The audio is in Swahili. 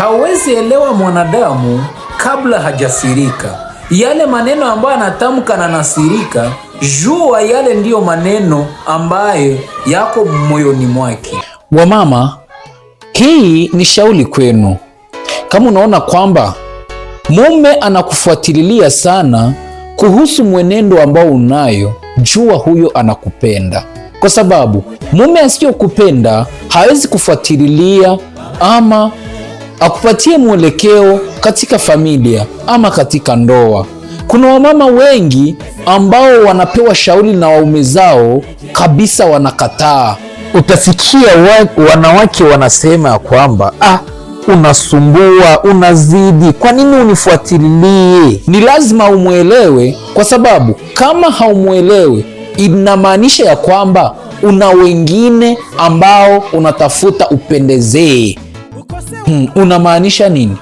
hawezi elewa mwanadamu kabla hajasirika. Yale maneno ambayo anatamka na nasirika, jua yale ndiyo maneno ambayo yako moyoni mwake. Wamama, hii ni shauli kwenu. Kama unaona kwamba mume anakufuatililia sana kuhusu mwenendo ambao unayo, jua huyo anakupenda, kwa sababu mume asiyokupenda hawezi kufuatililia ama akupatie mwelekeo katika familia ama katika ndoa. Kuna wamama wengi ambao wanapewa shauri na waume zao kabisa, wanakataa. Utasikia wa, wanawake wanasema kwamba ah, unasumbua, unazidi, kwa nini unifuatilie? Ni lazima umwelewe, kwa sababu kama haumwelewe inamaanisha ya kwamba una wengine ambao unatafuta upendezee hmm, unamaanisha nini?